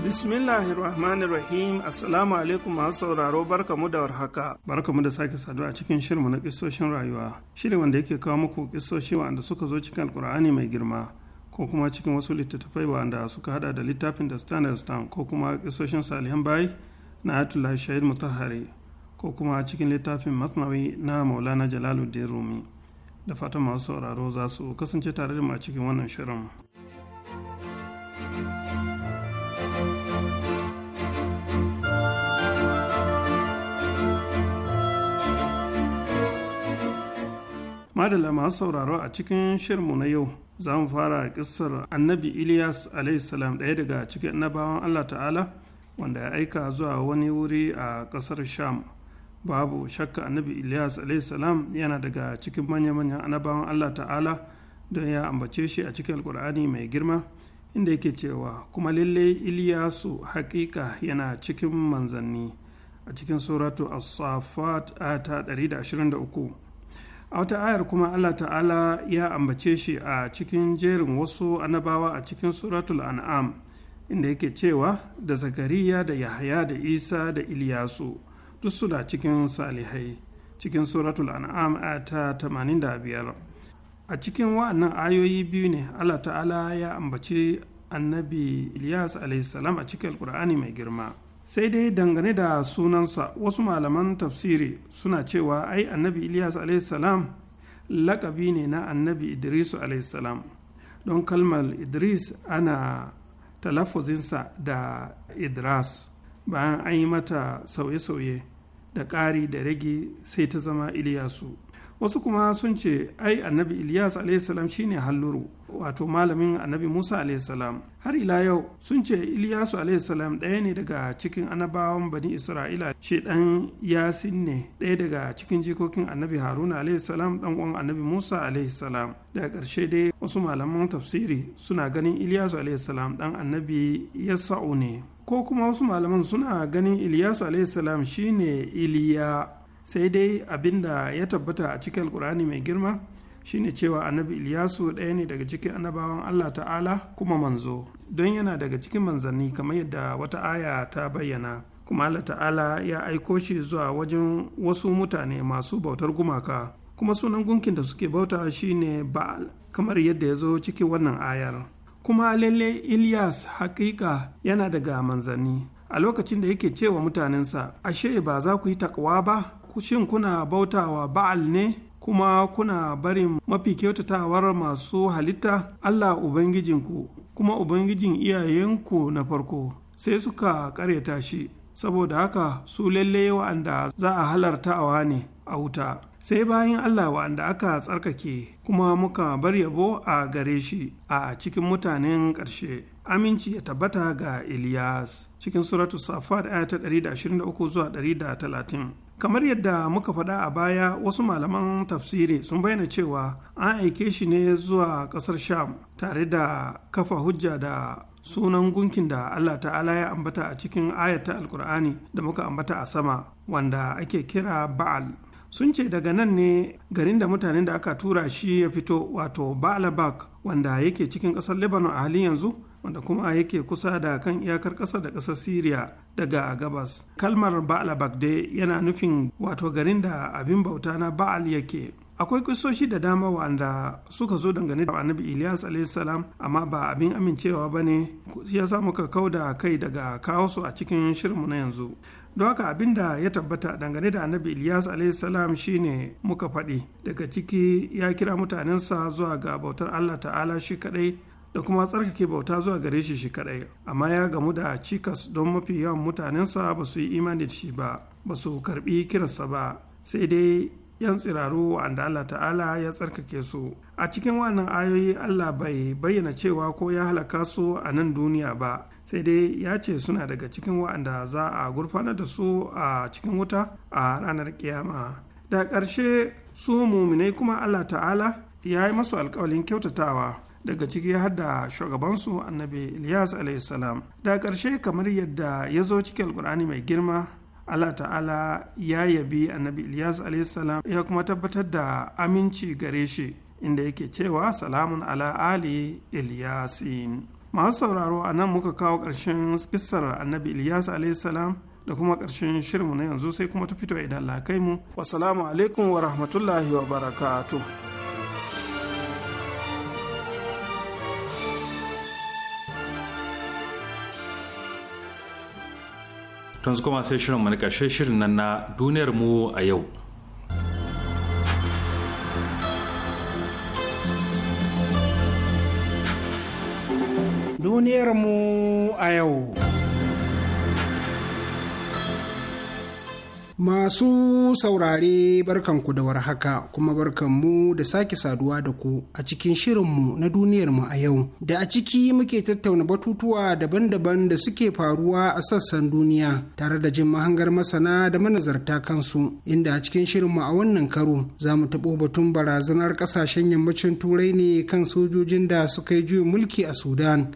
Bismillahirrahmanirrahim Assalamu alaikum masu sauraro barkamu da warhaka. Barkamu da sake saduwa a cikin shirinmu na kisoshin rayuwa. Shirin wanda yake kawo muku kisoshi wanda suka zo cikin Alkur'ani mai girma ko kuma cikin wasu littattafai wanda suka hada da littafin da Standard Stan ko kuma kisoshin Salihan Bai na Atullahi Shahid Mutahari ko kuma cikin littafin Masnawi na Maulana Jalaluddin Rumi. Da fatan masu sauraro za su kasance tare da mu a cikin wannan shirin. madalla masu sauraro a cikin shirmu na yau za mu fara kissar annabi ilyas salam ɗaya daga cikin annabawan allah ta'ala wanda ya aika zuwa wani wuri a ƙasar sham babu shakka annabi ilyas salam yana daga cikin manya-manyan annabawan allah ta'ala don ya ambace shi a cikin alkur'ani mai girma inda yake cewa kuma lalle iliyasu hakika yana cikin manzanni a cikin suratu as-safat ta 123 a wata ayar kuma allah ta'ala ya ambace shi a cikin jerin wasu annabawa a cikin suratul an'am inda yake cewa da zakariya da yahaya da isa da iliyasu duk su da cikin salihai cikin suratul an'am ta 85 a cikin wa'annan ayoyi biyu ne allah ta'ala ya ambaci annabi iliyas a cikin mai girma sai dai dangane da sunansa wasu malaman tafsiri suna cewa ai annabi ilyas alaihissalam lakabi ne na annabi idrisu alaihissalam don kalmar idris ana talaffuzinsa da idras bayan an yi mata sauye-sauye da ƙari da rage sai ta zama iliyasu wasu kuma sun ce ai annabi ilyas alaihissalam shine halluru wato malamin annabi musa alaihissalam har ila yau sun ce ilyasu alaihissalam ɗaya ne daga cikin annabawan bani isra'ila ce ɗan yasin ne ɗaya daga cikin jikokin annabi haruna alaihissalam ɗan uwan annabi musa alaihissalam daga ƙarshe dai wasu malaman tafsiri suna ganin ilyasu alaihissalam ɗan annabi yasa'u ne ko kuma wasu malaman suna ganin ilyasu alaihissalam shine iliya sai dai abin da ya tabbata a cikin alkur'ani mai girma shine cewa annabi Ilyasu ɗaya ne daga cikin annabawan Allah ta'ala kuma manzo don yana daga cikin manzanni kamar yadda wata aya ta bayyana kuma Allah ta'ala ya aiko shi zuwa wajen wasu mutane masu bautar gumaka kuma sunan gunkin da suke bauta shine Ba'al kamar yadda ya zo cikin wannan ayar kuma lalle Iliyas hakika yana daga manzanni a lokacin da yake cewa mutanensa ashe ba za ku yi takwa ba shin kuna wa ba'al ne kuma kuna barin mafi kyautatawar masu halitta Allah Ubangijinku kuma Ubangijin iyayenku na farko sai suka ƙaryata shi saboda haka su lalle wa'anda za a halartawa ne a wuta sai bayan Allah wa'anda aka tsarkake kuma muka bar yabo a gare shi a cikin mutanen ƙarshe aminci ya tabbata ga Iliyas cikin suratu Safat ayata 123 zuwa 130 kamar yadda muka faɗa a baya wasu malaman tafsiri sun bayyana cewa an aike shi ne zuwa ƙasar sham tare da kafa hujja da sunan gunkin da allah ta'ala ya ambata a cikin ayata alkur'ani da muka ambata a sama wanda ake kira ba'al sun ce daga nan ne garin da mutanen da aka tura shi ya fito wato ba'alabak wanda yake cikin ƙasar lebanon a halin yanzu wanda kuma yake kusa da kan iyakar ƙasa da ƙasar syria daga gabas kalmar ba'al bagde yana nufin wato garin da abin bauta na ba'al yake akwai kusoshi da dama wanda suka zo dangane da annabi ilyas salam amma ba abin amincewa ba ne ya sa muka kau da kai daga kawo su a cikin shirinmu na yanzu don haka abin da ya tabbata dangane da annabi ilyas salam shine muka faɗi daga ciki ya kira mutanensa zuwa ga bautar allah ta'ala shi kaɗai da kuma tsarkake bauta zuwa gare shi shi kadai amma ya gamu da cikas don mafi yawan mutanensa ba su yi imani da shi ba ba su karbi kiransa ba sai dai yan tsiraru wanda Allah ta'ala ya tsarkake su a cikin wannan ayoyi Allah bai bayyana cewa ko ya halaka su a nan duniya ba sai dai ya ce suna daga cikin wa'anda za a gurfanar da su a cikin wuta a ranar kiyama da ƙarshe su muminai kuma Allah ta'ala ya yi masu alƙawalin kyautatawa daga ciki har da shugabansu annabi ilyas alaihissalam da ƙarshe kamar yadda ya zo cikin alkur'ani mai girma allah ta'ala ya yabi annabi ilyas alaihissalam ya kuma tabbatar da aminci gare shi inda yake cewa salamun ala ali ilyasin masu sauraro a nan muka kawo ƙarshen kissar annabi ilyas alaihissalam da kuma ƙarshen shirinmu na yanzu sai kuma ta fito idan kai mu wasalamu alaikum wa rahmatullahi wa barakatuh yanzu su kuma sai shirin mu karshe shirin nan na duniyar mu a yau duniyar mu a yau Masu saurare barkanku da warhaka kuma barkanmu da sake saduwa da ku a cikin shirinmu na duniyarmu a yau da a ciki muke tattauna batutuwa daban-daban da suke faruwa a sassan duniya tare da jin mahangar masana da manazarta kansu inda a cikin shirinmu a wannan karo za mu taɓo batun barazanar ƙasashen yammacin turai ne kan sojojin da suka yi juyin mulki a Sudan.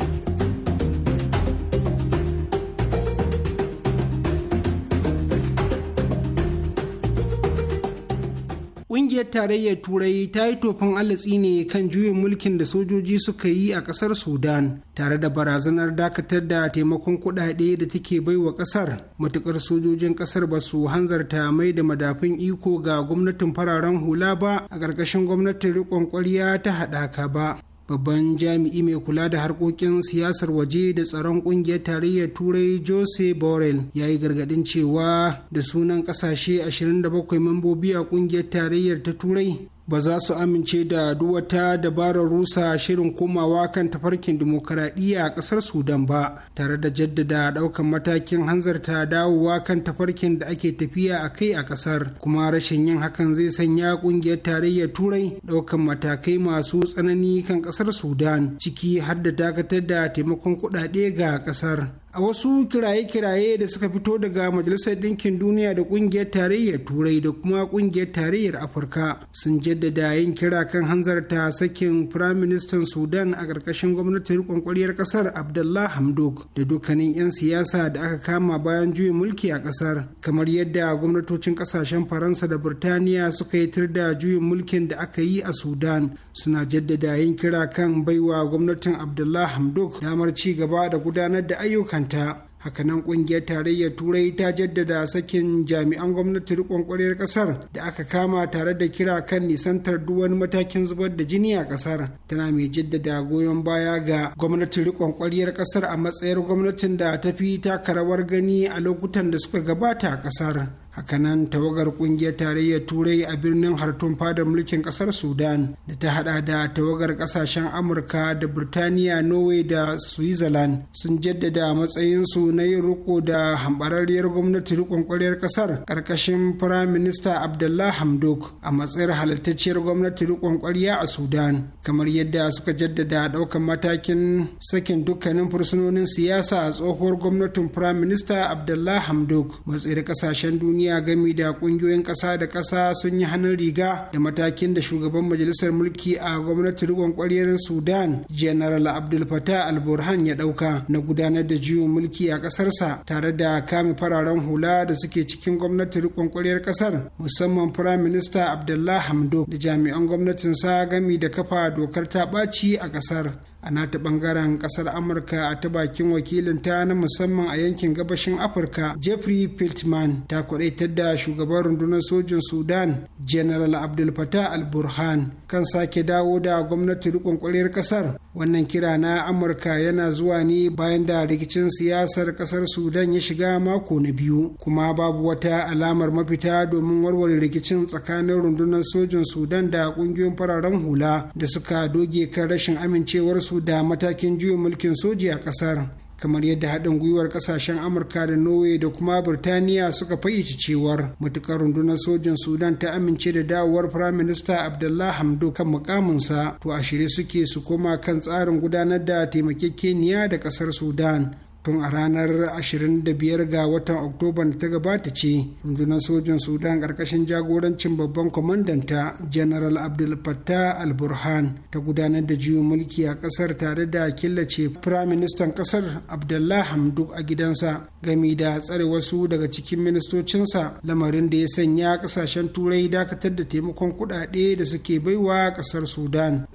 ƙungiyar tarayyar turai ta yi tofin alatsi ne kan juyin mulkin da sojoji suka yi a kasar sudan tare da barazanar dakatar da taimakon kudade da take bai wa kasar matukar sojojin kasar ba su hanzarta mai da madafin iko ga gwamnatin fararen hula ba a ƙarƙashin gwamnatin riƙon ƙwarya ta haɗaka ba babban jami'i mai kula da harkokin siyasar waje da tsaron kungiyar tarayyar turai jose borrell ya yi gargadin cewa da sunan kasashe 27 membobi a kungiyar tarayyar ta turai ba za su amince da duwata dabarar rusa shirin komawa kan tafarkin dimokuraɗiyya a ƙasar sudan ba tare da jaddada ɗaukan matakin hanzarta dawowa kan tafarkin da ake tafiya a kai a ƙasar kuma rashin yin hakan zai sanya ƙungiyar tarayyar turai ɗaukan matakai masu tsanani kan ƙasar sudan ciki har da dakatar da taimakon kuɗaɗe ga ƙasar a wasu kiraye-kiraye da suka fito daga majalisar ɗinkin duniya da ƙungiyar tarayyar turai da kuma ƙungiyar tarayyar afirka sun jaddada yin kira kan hanzarta sakin firaministan sudan a ƙarƙashin gwamnatin riƙon ƙwaryar ƙasar abdullah hamdok da dukkanin 'yan siyasa da aka kama bayan juyin mulki a ƙasar kamar yadda gwamnatocin ƙasashen faransa da birtaniya suka yi tir da juyin mulkin da aka yi a sudan suna jaddada yin kira kan baiwa gwamnatin abdullah hamdok damar ci gaba da gudanar da ayyukan kanta hakanan kungiyar tarayyar turai ta jaddada sakin jami'an gwamnati rikon kwarar kasar da aka kama tare da kira kan nisantar duk matakin zubar da jini a kasar tana mai jaddada goyon baya ga gwamnati rikon kwarar kasar a matsayar gwamnatin da ta fi taka rawar gani a lokutan da suka gabata a kasar hakanan tawagar kungiyar tarayyar turai a birnin hartun fadar mulkin kasar sudan da ta hada da tawagar kasashen amurka da birtaniya norway da switzerland sun jaddada matsayinsu na yin riko da hambararriyar gwamnati rikon kwaryar kasar karkashin firayim minista abdullah hamdok a matsayar halittacciyar gwamnati rikon kwarya a sudan kamar yadda suka jaddada daukan matakin sakin dukkanin fursunonin siyasa a tsohuwar gwamnatin firayim minista abdullah hamdok matsayar kasashen duniya duniya gami da kungiyoyin ƙasa da ƙasa sun yi hannun riga da matakin da shugaban majalisar mulki a gwamnatin riƙon ƙwaryar sudan general abdul fatah al-burhan ya ɗauka na gudanar da juyin mulki a ƙasarsa tare da kame fararen hula da suke cikin gwamnatin riƙon ƙwaryar ƙasar musamman firayim minista abdullah hamdo da jami'an gwamnatinsa gami da kafa dokar ta ɓaci a ƙasar a nata bangaren kasar amurka a ta bakin wakilinta na musamman a yankin gabashin afirka jeffrey piltman ta kwadaitar da shugaban rundunar sojin sudan general abdul fatah al-burhan kan sake dawo da gwamnati rikon kwarar kasar wannan kira na amurka yana zuwa ne bayan da rikicin siyasar kasar sudan ya shiga mako na biyu kuma babu wata alamar mafita domin warware rikicin tsakanin rundunar sojin sudan da kungiyoyin fararen hula da suka doge kan rashin amincewar su da matakin juyin mulkin soji a kasar kamar yadda haɗin gwiwar ƙasashen amurka da norway da kuma birtaniya suka fayyace cewar matuƙar rundunar sojin sudan ta amince da dawowar firayim minista abdullah hamdo kan mukaminsa to a shirye suke su koma kan tsarin gudanar da taimakekeniya da ƙasar sudan tun a ranar 25 ga watan oktoba da ta gabata ce rundunar sojin sudan ƙarƙashin jagorancin babban kwamandanta general abdul fattah al-burhan ta gudanar da juyin mulki a ƙasar tare da killace firaministan ƙasar abdullah hamduk a gidansa gami da tsare wasu daga cikin ministocinsa lamarin da ya sanya ƙasashen turai dakatar da taimakon kuɗaɗe da suke baiwa ƙasar sudan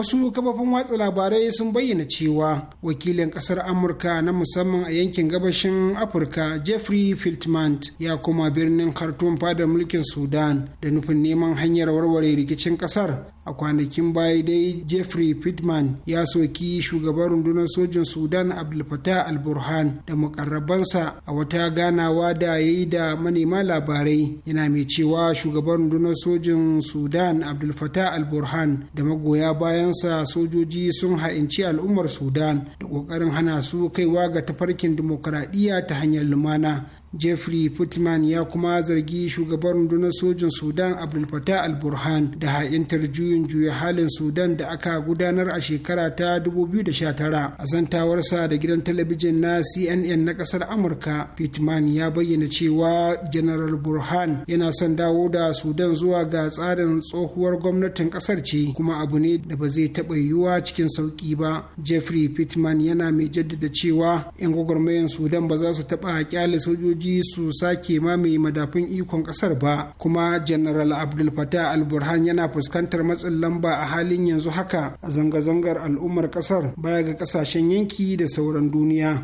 wasu kafafen watsa labarai sun bayyana cewa wakilin kasar amurka na musamman a yankin gabashin afirka jeffrey filtman ya koma birnin khartoum fadar mulkin sudan da nufin neman hanyar warware rikicin kasar a kwanakin baya dai jeffrey pittman ya soki shugaban rundunar sojin sudan abdulfatah al-burhan da mukarrabansa a wata ganawa da ya yi da manema labarai yana mai cewa shugaban rundunar sojin sudan abdulfatah al-burhan da magoya bayansa sojoji sun ha'inci al'ummar sudan da kokarin hana su kaiwa ga tafarkin dimokuraɗiyya ta hanyar lumana jeffrey pittman ya kuma zargi shugaban rundunar sojin sudan abdul fatah al-burhan da ha'intar juyin juya halin sudan da aka gudanar a shekara ta 2019 a zantawarsa da gidan talabijin na cnn na kasar amurka pittman ya bayyana cewa general burhan yana son dawo da sudan zuwa ga tsarin tsohuwar gwamnatin kasar ce kuma abu ne da ba zai taɓa yiwuwa cikin sauƙi ba jeffrey pittman yana mai jaddada cewa 'yan gwagwarmayan sudan ba za su taɓa kyale sojoji sojoji su sake mamaye madafin ikon kasar ba kuma general abdul fatah al-burhan yana fuskantar matsin lamba a halin yanzu haka a zanga-zangar al'ummar kasar baya ga kasashen yanki da sauran duniya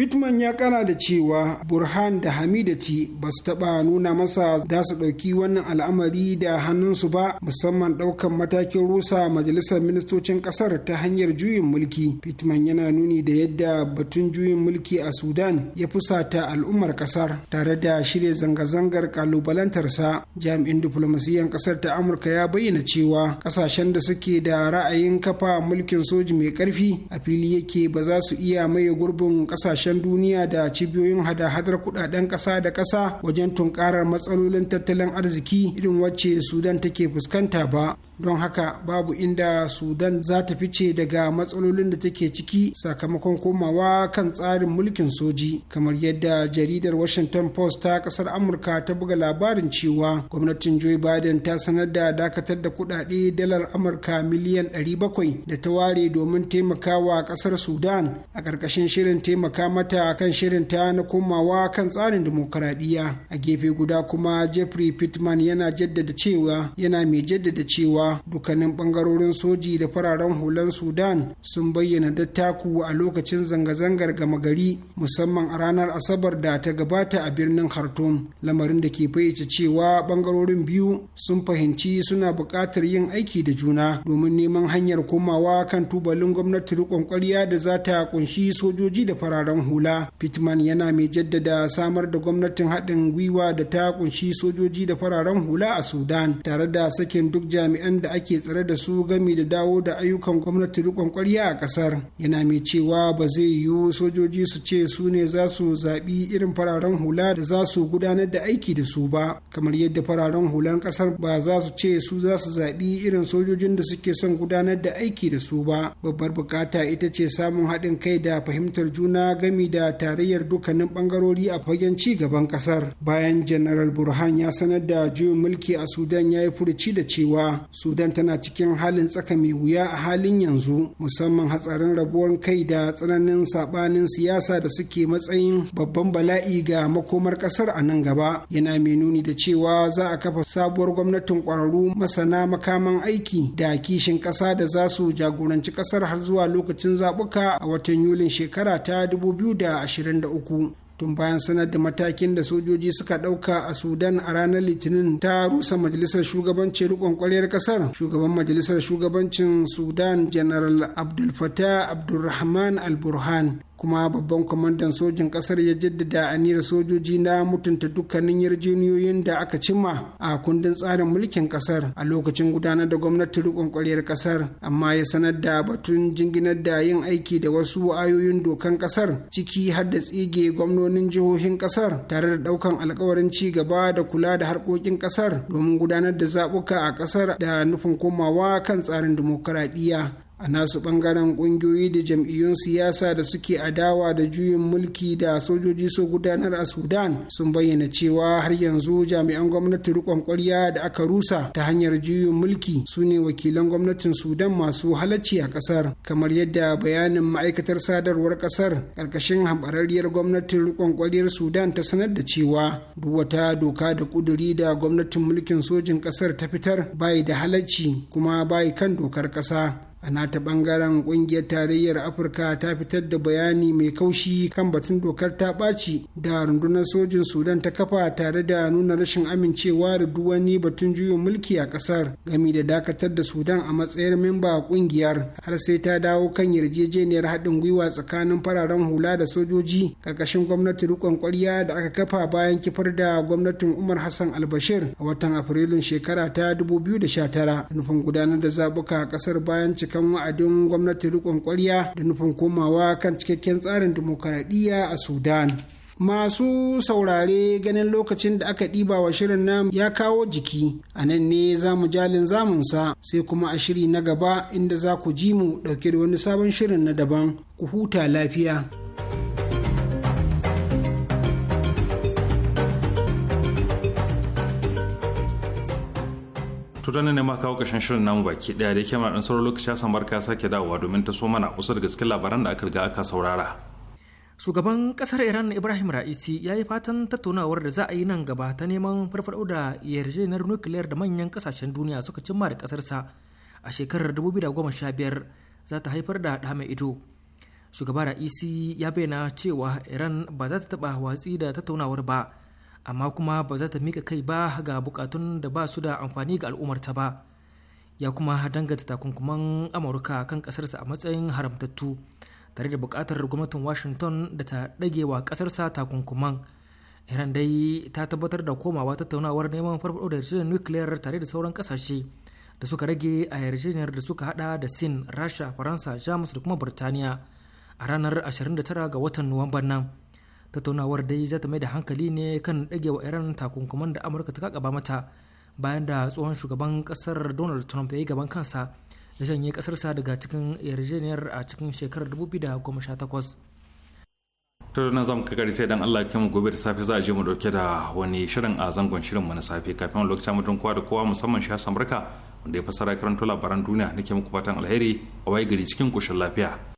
Pittman ya kana da cewa Burhan da Hamidati ba su taɓa nuna masa za su ɗauki wannan al'amari da hannunsu ba musamman ɗaukan matakin rusa majalisar ministocin ƙasar ta hanyar juyin mulki. Pittman yana nuni da yadda batun juyin mulki a Sudan ya fusata al'ummar ƙasar tare da shirya zanga-zangar kalubalantarsa. Jami'in diflomasiyan ƙasar ta Amurka ya bayyana cewa ƙasashen da suke da ra'ayin kafa mulkin soji mai ƙarfi a fili yake ba za su iya maye gurbin ƙasashen ƙasashen duniya da cibiyoyin hada-hadar kudaden kasa da kasa wajen tunkarar matsalolin tattalin arziki irin wacce sudan take fuskanta ba don haka babu inda sudan za ta fice daga matsalolin da take ciki sakamakon komawa kan tsarin mulkin soji kamar yadda jaridar washington post ta kasar amurka ta buga labarin cewa gwamnatin joe biden ta sanar da dakatar da kudade dalar amurka miliyan 700 da ta ware domin taimakawa kasar sudan a ƙarƙashin shirin taimaka mata kan shirin ta na komawa kan tsarin dimokuraɗiyya a gefe guda kuma jeffrey pittman yana jaddada cewa yana mai jaddada cewa dukkanin bangarorin soji da fararen hulan sudan sun bayyana dattaku a lokacin zanga-zangar gama gari musamman a ranar asabar da ta gabata a birnin khartoum lamarin da ke fayyace cewa bangarorin biyu sun fahimci suna buƙatar yin aiki da juna domin neman hanyar komawa kan tubalin gwamnati riƙon ƙwarya da za ta kunshi sojoji da fararen hula pittman yana mai jaddada samar da gwamnatin haɗin gwiwa da ta kunshi sojoji da fararen hula a sudan tare da sakin duk jami'an da ake tsare da su gami da dawo da ayyukan gwamnati rikon kwarya a kasar yana mai cewa ba zai yiwu sojoji su ce su ne za su zaɓi irin fararen hula da za su gudanar da aiki da su ba kamar yadda fararen hulan ƙasar ba za su ce su za su zaɓi irin sojojin da suke son gudanar da aiki da su ba babbar bukata ita ce samun haɗin kai da fahimtar juna gami da tarayyar dukkanin ɓangarori a fagen ci gaban ƙasar bayan janaral burhan ya sanar da juyin mulki a sudan ya yi furuci da cewa sudan tana cikin halin tsaka mai wuya a halin yanzu musamman hatsarin rabuwar kai da tsananin sabanin siyasa da suke matsayin babban bala'i ga makomar kasar a nan gaba yana mai nuni da cewa za a kafa sabuwar gwamnatin kwararru masana makaman aiki da kishin kasa da za su jagoranci kasar har zuwa lokacin zabuka a watan yulin shekara ta 2023 tun bayan sanar da matakin da sojoji suka ɗauka a sudan a ranar litinin ta rusa majalisar shugabanci rikon kwaryar kasar shugaban majalisar shugabancin sudan general abdul fatah abdulrahman al-burhan kuma babban kwamandan sojin kasar ya jaddada aniyar sojoji na mutunta dukkanin yarjejeniyoyin da aka cimma a kundin tsarin mulkin kasar a lokacin gudanar da gwamnati rikon kwaryar kasar amma ya sanar da batun jinginar da yin aiki da wasu ayoyin dokan kasar ciki har da tsige gwamnonin jihohin kasar tare da daukan alkawarin ci gaba da kula da harkokin kasar domin gudanar da zabuka a kasar da nufin komawa kan tsarin dimokuraɗiyya a nasu bangaren kungiyoyi da jam'iyyun siyasa da suke adawa da juyin mulki da sojoji su gudanar a sudan sun bayyana cewa har yanzu jami'an gwamnati rikon kwarya da aka rusa ta hanyar juyin mulki su ne wakilan gwamnatin sudan masu halacci a kasar kamar yadda bayanin ma'aikatar sadarwar kasar karkashin haɓararriyar gwamnatin rikon kwaryar sudan ta sanar da cewa duk wata doka da kuduri da gwamnatin mulkin sojin kasar ta fitar bai da halacci kuma bayi kan dokar kasa a nata bangaren kungiyar tarayyar afirka ta fitar da bayani mai kaushi kan batun dokar ta ɓaci da rundunar sojin sudan ta kafa tare da nuna rashin amincewa da duwani batun juyin mulki a ƙasar gami da dakatar da sudan a matsayin memba a kungiyar har sai ta dawo kan yarjejeniyar haɗin gwiwa tsakanin fararen hula da sojoji ƙarƙashin gwamnati rikon ƙwarya da aka kafa bayan kifar da gwamnatin umar hassan albashir a watan afrilun shekara ta da 2019 nufin gudanar da zabuka a ƙasar bayan cika cikan wa'adin gwamnati rikon kwarya da nufin komawa kan cikakken tsarin dimokuraɗiyya a sudan masu saurare ganin lokacin da aka ɗiba wa shirin nam ya kawo jiki a nan ne za mu jalin zamunsa sai kuma a shiri na gaba inda za ku ji mu ɗauke da wani sabon shirin na daban ku huta lafiya. to don ne kawo kashin shirin namu baki daya da yake mana dan sauraro lokaci san barka sake dawowa domin ta so mana kusa da gaske labaran da aka riga aka saurara shugaban kasar iran ibrahim ra'isi ya yi fatan tattaunawar da za a yi nan gaba ta neman farfado da yarjejeniyar nukiliyar da manyan kasashen duniya suka cimma da kasarsa a shekarar 2015 za ta haifar da dama ido shugaba ra'isi ya bayyana cewa iran ba za ta taɓa watsi da tattaunawar ba amma kuma ba za ta mika kai ba ga bukatun da ba su da amfani ga al'ummarta ba ya kuma dangata takunkuman amurka kan kasarsa a matsayin haramtattu tare da bukatar gwamnatin washington da ta ɗage wa kasarsa takunkuman iran dai ta tabbatar da komawa tattaunawar neman farfaɗo da yarjejeniyar nukiliyar tare da sauran kasashe da suka rage a yarjejeniyar da suka hada da sin rasha faransa jamus da kuma burtaniya a ranar 29 ga watan nuwamban nan tattaunawar dai zata mai da hankali ne kan ɗage wa iran takunkuman da amurka ta kaka ba mata bayan da tsohon shugaban kasar donald trump ya yi gaban kansa da janye kasarsa daga cikin yarjejeniyar a cikin shekarar 2018 to na zamu kakari sai dan Allah mu gobe da safe za a je mu dauke da wani shirin a zangon shirin mu na safe kafin lokacin mutum kowa da kowa musamman shi Amurka wanda ya fassara karanto labaran duniya nake muku fatan alheri a waye gari cikin koshin lafiya